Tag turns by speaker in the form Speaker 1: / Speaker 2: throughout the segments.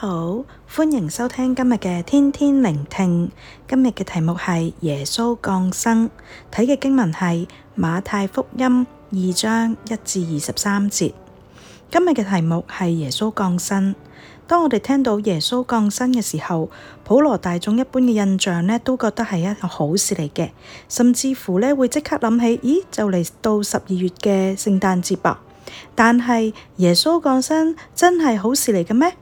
Speaker 1: 好歡迎收聽今日嘅天天聆聽。今日嘅題目係耶穌降生，睇嘅經文係馬太福音二章一至二十三節。今日嘅題目係耶穌降生。當我哋聽到耶穌降生嘅時候，普羅大眾一般嘅印象呢都覺得係一個好事嚟嘅，甚至乎呢會即刻諗起，咦就嚟到十二月嘅聖誕節噃。但係耶穌降生真係好事嚟嘅咩？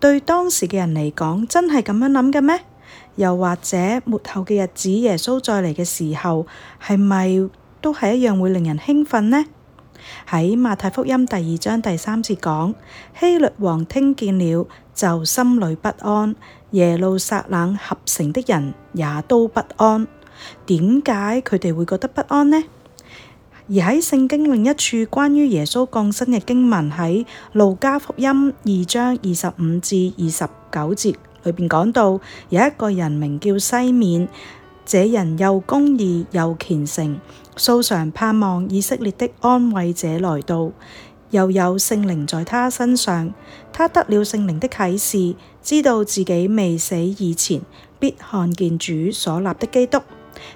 Speaker 1: 對當時嘅人嚟講真係噉樣諗嘅咩？又或者，末後的日子耶穌再嚟的時候，係咪都係一樣會令人興奮呢？喺馬太福音第二章第三節講，希律王聽見了，就心裏不安，耶路撒冷合城的人也都不安。點解佢哋會覺得不安呢？而喺聖經另一處關於耶穌降生嘅經文，喺路加福音二章二十五至二十九節裏邊講到，有一個人名叫西面，這人又公義又虔誠，素常盼望以色列的安慰者來到，又有聖靈在他身上，他得了聖靈的啟示，知道自己未死以前必看見主所立的基督。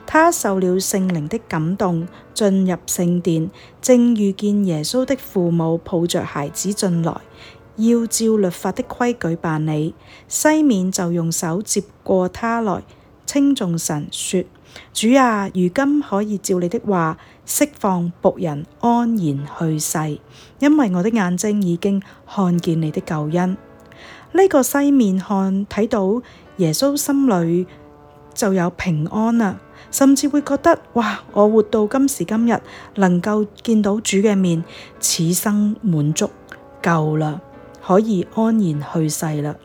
Speaker 1: 他受了聖靈的感動，進入聖殿，正遇見耶穌的父母抱着孩子進來，要照律法的規矩辦理。西面就用手接過他來，稱頌神說：主啊，如今可以照你的話，釋放僕人安然去世，因為我的眼睛已經看見你的救恩。呢、這個西面看，睇到耶穌心裏就有平安啦。甚至會覺得，哇，我活到今時今日能夠見到主嘅面，此生滿足，夠了，可以安然去世了。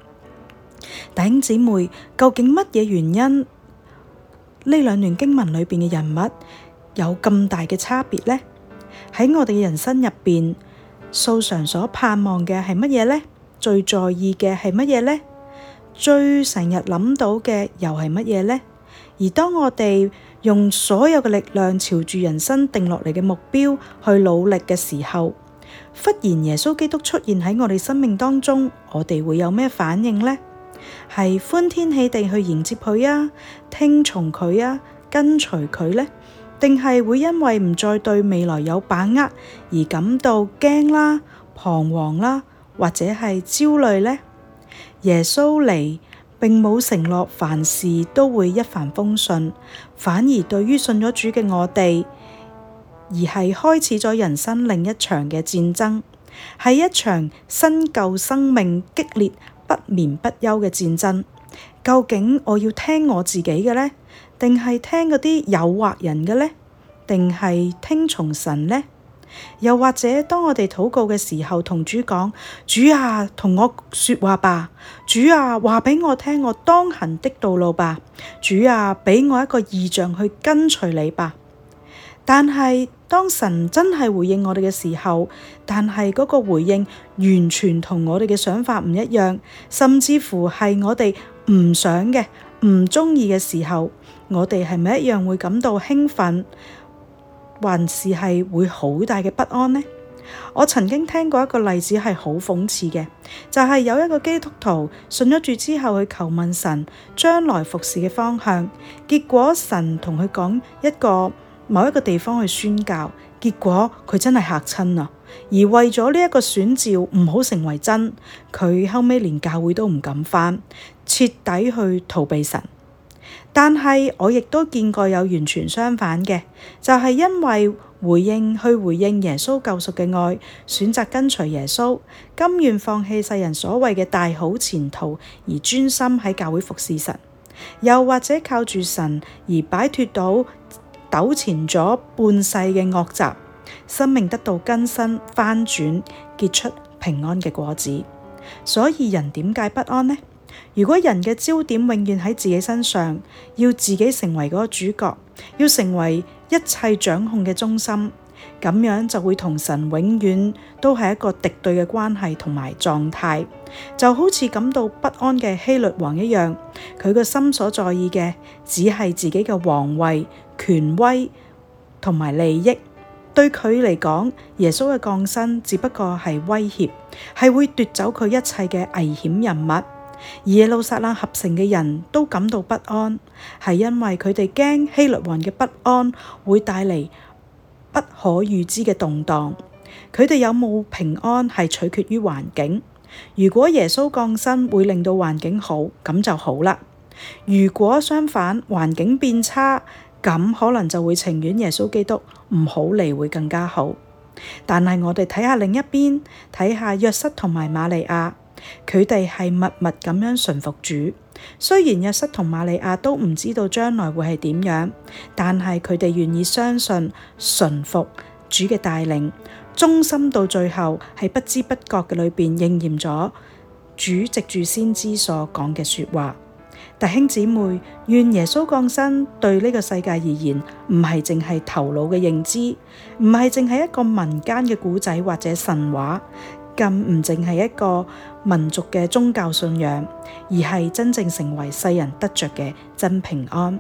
Speaker 1: 弟兄姊妹，究竟乜嘢原因，呢兩段經文裡邊嘅人物，有咁大嘅差別呢？而當我哋用所有嘅力量朝住人生定落嚟嘅目標去努力嘅時候，忽然耶穌基督出現喺我哋生命當中，我哋會有咩反應呢？係歡天喜地去迎接佢啊，聽從佢啊，跟隨佢呢？定係會因為唔再對未來有把握而感到驚啦、啊、彷徨啦、啊，或者係焦慮呢？耶穌嚟，並冇承諾凡事都會一帆風順，反而對於信咗主嘅我哋，而係開始咗人生另一場嘅戰爭，係一場新舊生命激烈不眠不休嘅戰爭。究竟我要聽我自己嘅呢？定係聽嗰啲誘惑人嘅呢？定係聽從神呢？又或者當我哋禱告嘅時候，同主講：主啊，同我說話吧；主啊，話俾我聽我當行的道路吧；主啊，俾我一個異象去跟隨你吧。但係當神真係回應我哋嘅時候，但係嗰個回應完全同我哋嘅想法唔一樣，甚至乎係我哋唔想嘅、唔中意嘅時候，我哋係咪一樣會感到興奮？還是係會好大嘅不安呢？我曾經聽過一個例子係好諷刺嘅，就係、是、有一個基督徒信咗主之後去求問神將來服侍嘅方向，結果神同佢講一個某一個地方去宣教，結果佢真係嚇親啊。而為咗呢一個選召唔好成為真，佢後尾連教會都唔敢返，徹底去逃避神。但係我亦都見過有完全相反嘅，就係、是、因為回應去回應耶穌救贖嘅愛，選擇跟隨耶穌，甘願放棄世人所謂嘅大好前途，而專心喺教會服侍神，又或者靠住神而擺脫到糾纏咗半世嘅惡習，生命得到更新、翻轉，結出平安嘅果子。所以人點解不安呢？如果人嘅焦點永遠喺自己身上，要自己成為嗰個主角，要成為一切掌控嘅中心，咁樣就會同神永遠都係一個敵對嘅關係同埋狀態，就好似感到不安嘅希律王一樣，佢個心所在意嘅只係自己嘅王位、權威同埋利益。對佢嚟講，耶穌嘅降生只不過係威脅，係會奪走佢一切嘅危險人物。而耶路撒冷合城嘅人都感到不安，係因為佢哋驚希律王嘅不安會帶嚟不可預知嘅動盪。佢哋有冇平安係取決於環境。如果耶穌降生會令到環境好，咁就好啦。如果相反環境變差，咁可能就會情願耶穌基督唔好嚟會更加好。但係我哋睇下另一邊，睇下約瑟同埋瑪利亞。佢哋係默默咁樣順服主，雖然約瑟同瑪利亞都唔知道將來會係點樣，但係佢哋願意相信順服主嘅帶領，忠心到最後係不知不覺嘅裏邊應驗咗主藉住先知所講嘅說話。弟兄姊妹，願耶穌降生對呢個世界而言，唔係淨係頭腦嘅認知，唔係淨係一個民間嘅古仔或者神話。咁唔淨係一個民族嘅宗教信仰，而係真正成為世人得着嘅真平安。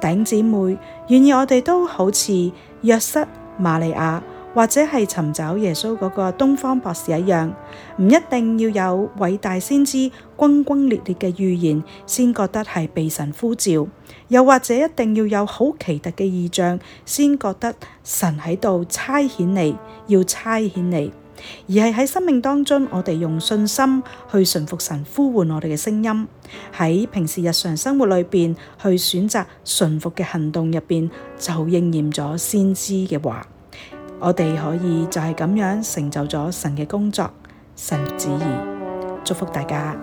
Speaker 1: 頂姊妹，願意我哋都好似約瑟、瑪利亞或者係尋找耶穌嗰個東方博士一樣，唔一定要有偉大先知、轟轟烈烈嘅預言先覺得係被神呼召，又或者一定要有好奇特嘅異象先覺得神喺度差遣你，要差遣你。而係喺生命當中，我哋用信心去順服神呼喚我哋嘅聲音，喺平時日常生活裏邊去選擇順服嘅行動入邊，就應驗咗先知嘅話。我哋可以就係咁樣成就咗神嘅工作。神旨意，祝福大家。